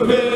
bëgg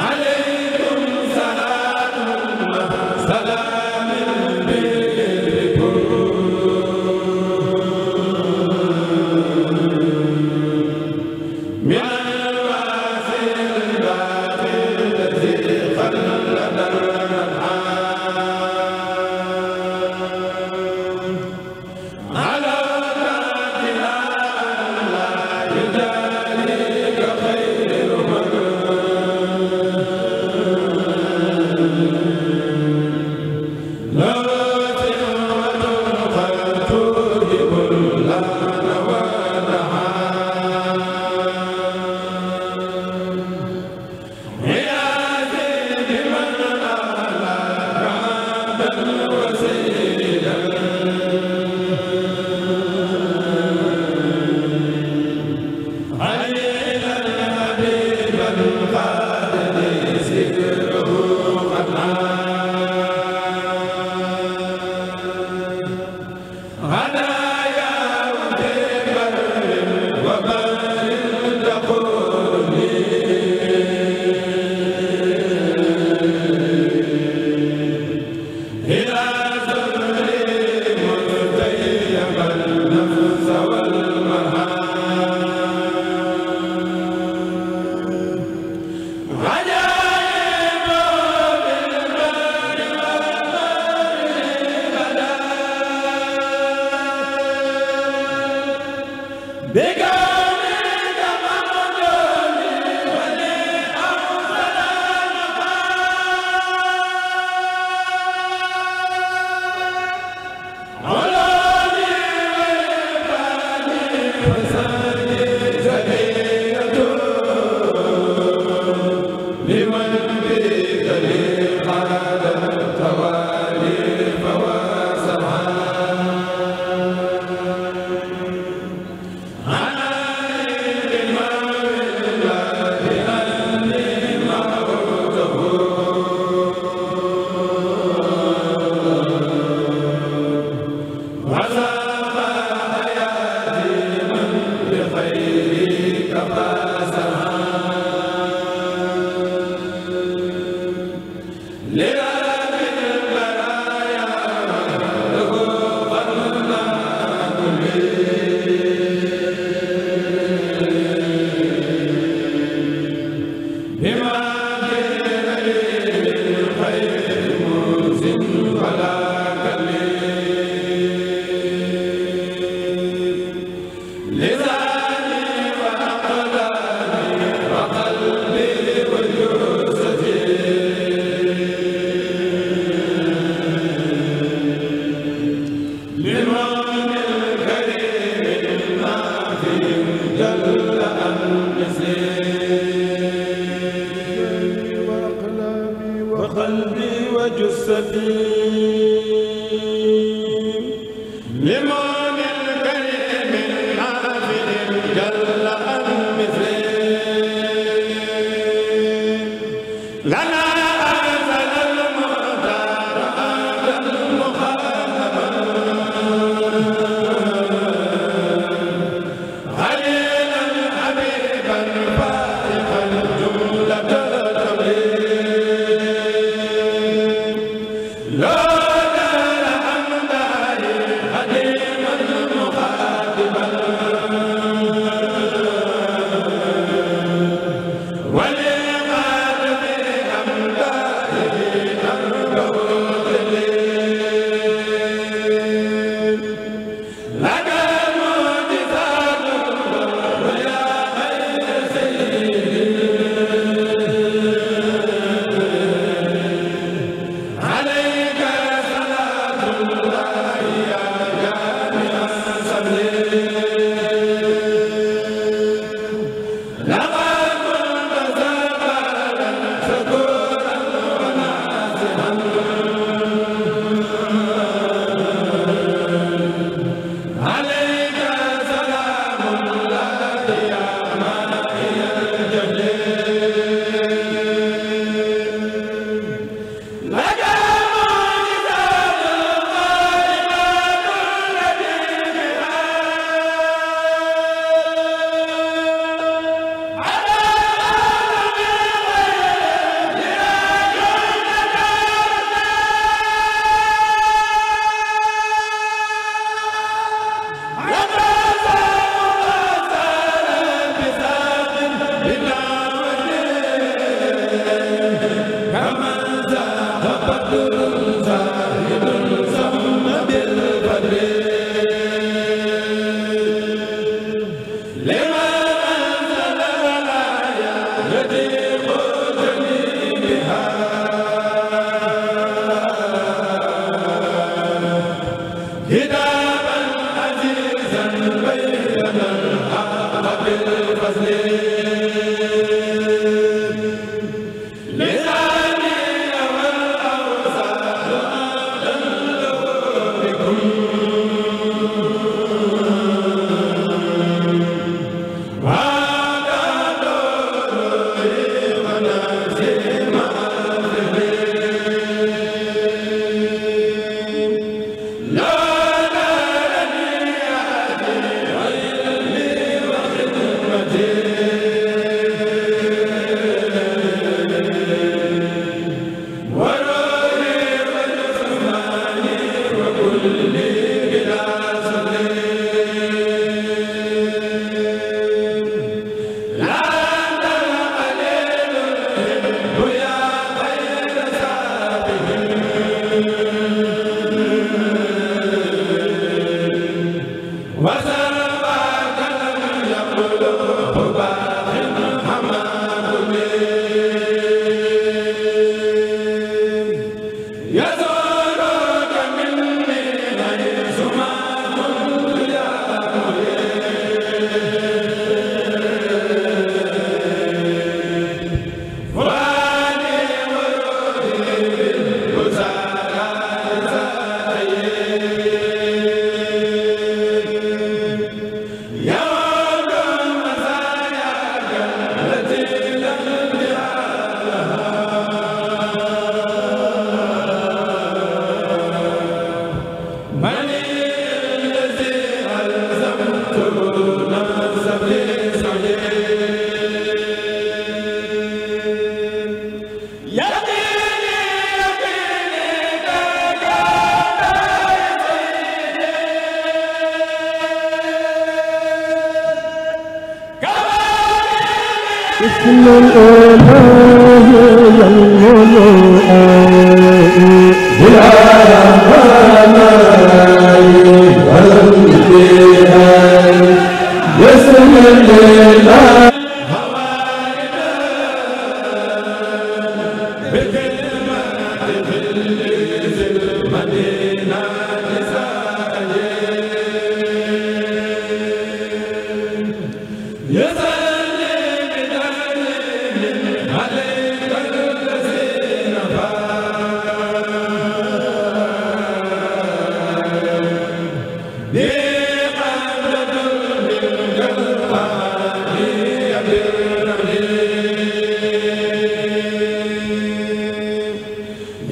Allez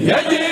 Yàlla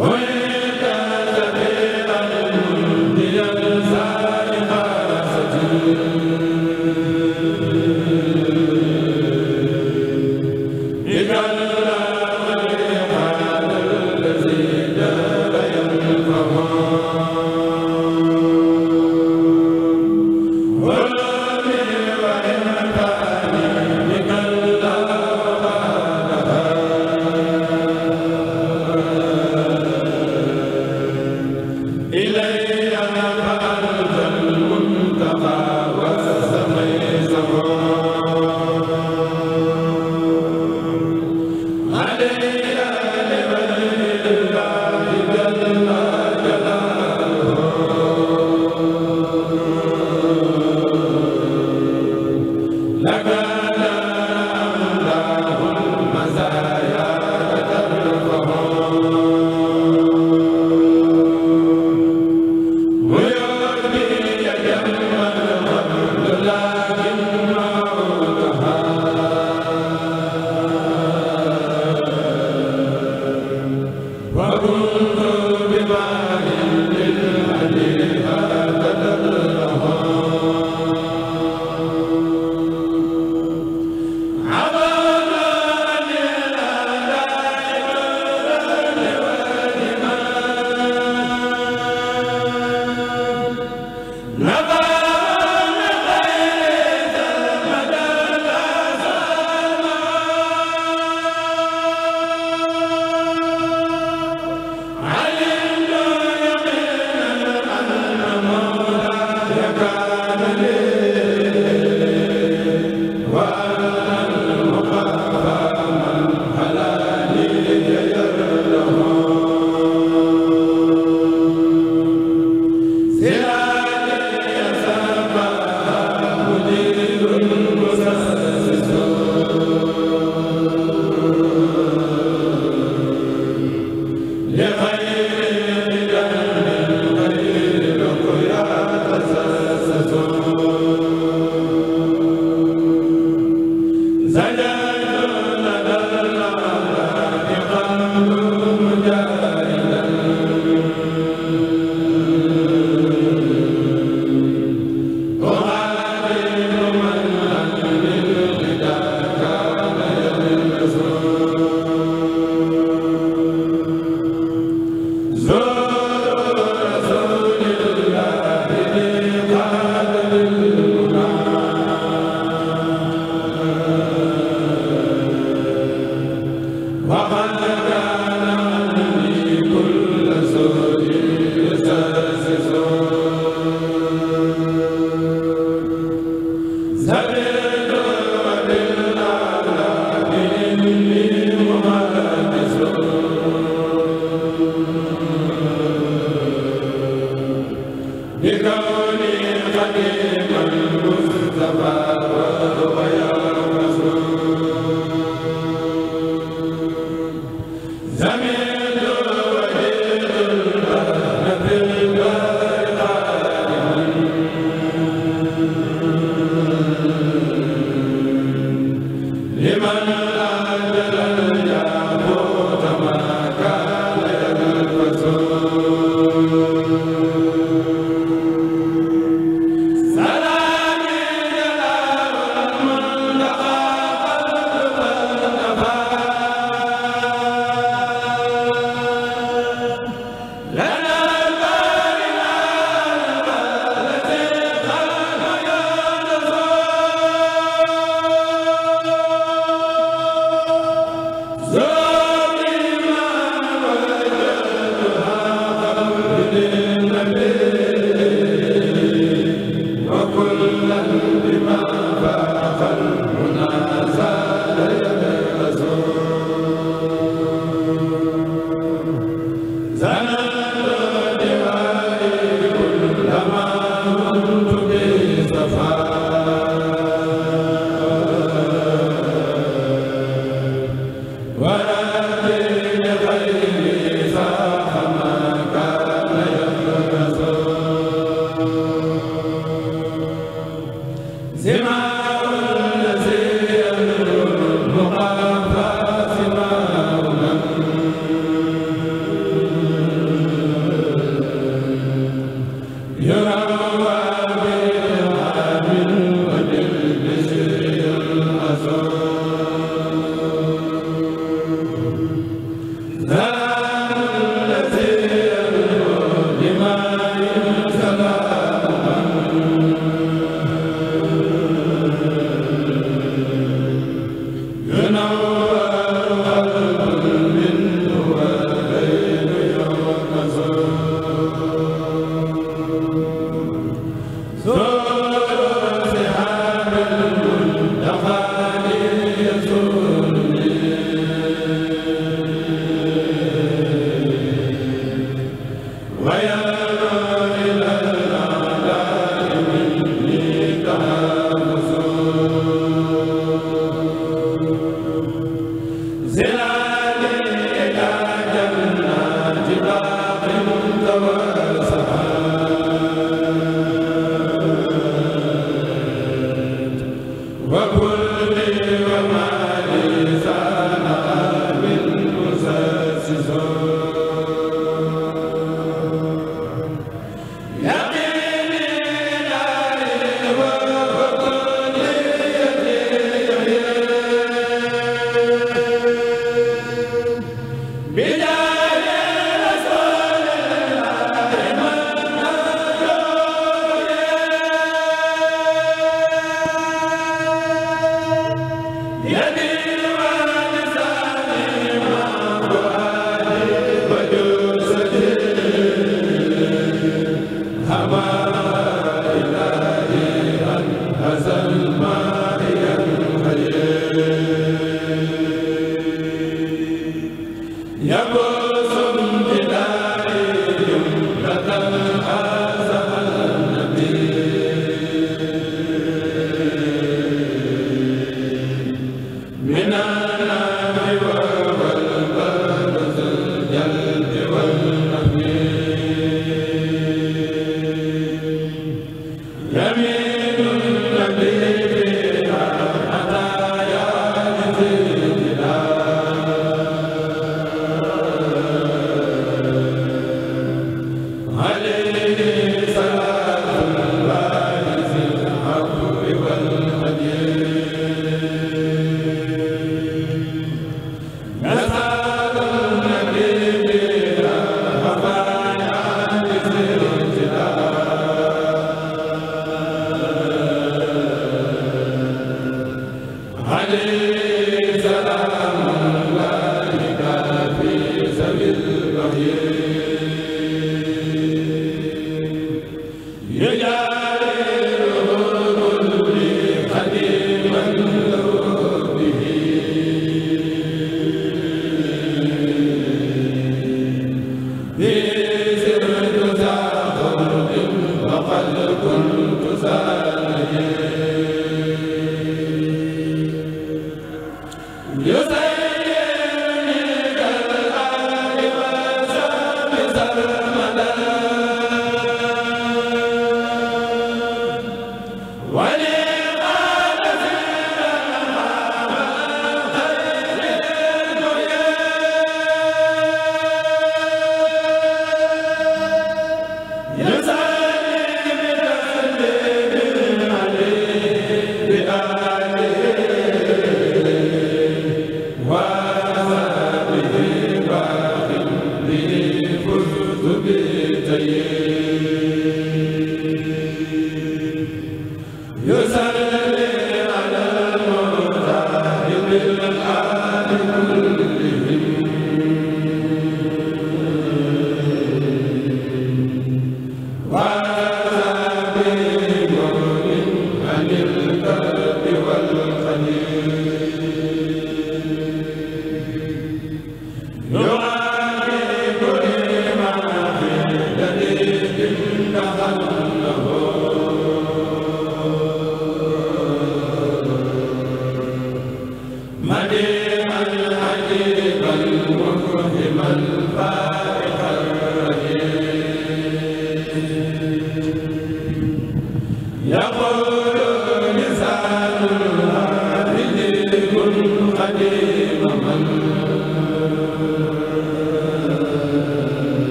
waaw